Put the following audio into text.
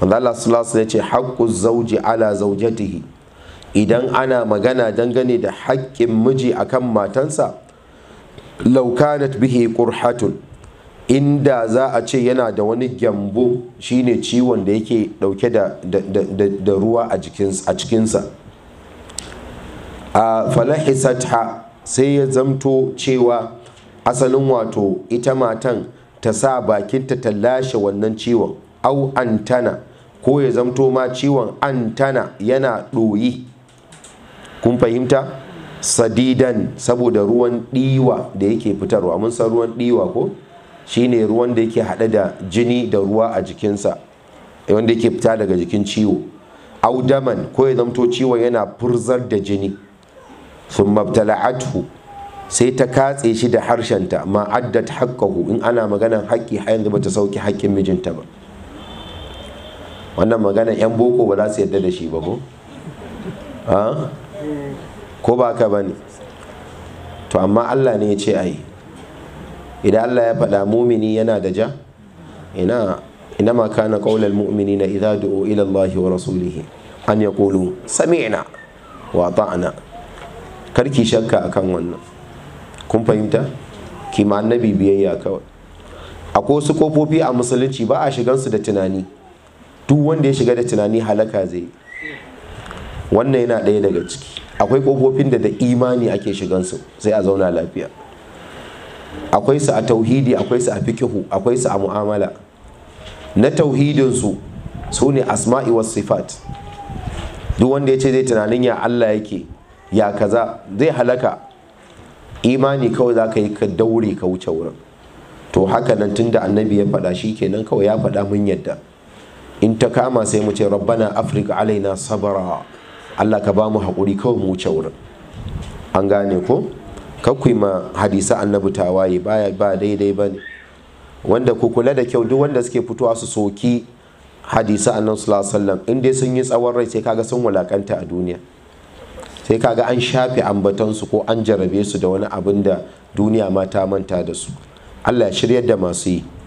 Allah sallallahu ya ce haqqu zauji ala zaujatihi idan ana magana dangane da haƙƙin miji akan matansa laukanat bihi ƙurhatun inda za a ce yana da wani gyambo shine ciwon da yake ɗauke da ruwa a cikinsa a falahisatha sai ya zamto cewa asalin wato ita matan ta sa bakinta ta lashe wannan ciwon au antana ko ya zamto ma ciwon antana yana ɗoyi kun fahimta sadidan saboda ruwan ɗiwa da yake fitarwa mun san ruwan ɗiwa ko shine ruwan da yake haɗe da jini da ruwa a jikinsa wanda yake fita daga jikin ciwo audaman ko ya zamto ciwon yana furzar da jini sun mabtala'athu sai ta katse shi da harshenta ma'addat haƙƙahu in ana maganan haƙƙi har yanzu ta sauki haƙƙin mijinta ba wannan magana yan boko ba za su yadda da shi ba ko ko ba ka ba ne to amma allah ne ya ce a yi idan allah ya faɗa mumini yana da ja ina ina ma kana qaulal mu'minina idza du'u ila allahi wa rasulihi an yaqulu sami'na wa ta'ana karki shakka akan wannan kun fahimta kima annabi biyayya kawai akwai su kofofi a musulunci ba a shigansu da tunani duk wanda ya shiga da tunani halaka zai wannan yana ɗaya daga ciki akwai ƙofofin da da imani ake shigansu sai a zauna lafiya akwai su a tauhidi akwai su a fikihu akwai su a mu'amala na tauhidinsu su ne asma'i was sifat duk wanda ya ce zai tunanin ya Allah yake ya kaza zai halaka imani kawai za ka yi ka daure ka wuce wurin to haka nan tun da annabi ya faɗa shi kenan kawai ya faɗa mun yadda in ta kama sai mu ce rabbana afrika alaina sabara Allah ka ba mu haƙuri kawai mu wuce wurin an gane ko kakwai ma hadisa annabi tawaye baya ba daidai ba ne wanda ku kula da kyau duk wanda suke fitowa su soki hadisa annan sallallahu in dai sun yi tsawon rai sai kaga sun walakanta a duniya sai kaga an shafe ambatansu ko an jarabe su da wani abin da duniya ma ta manta da su Allah ya shiryar da masu yi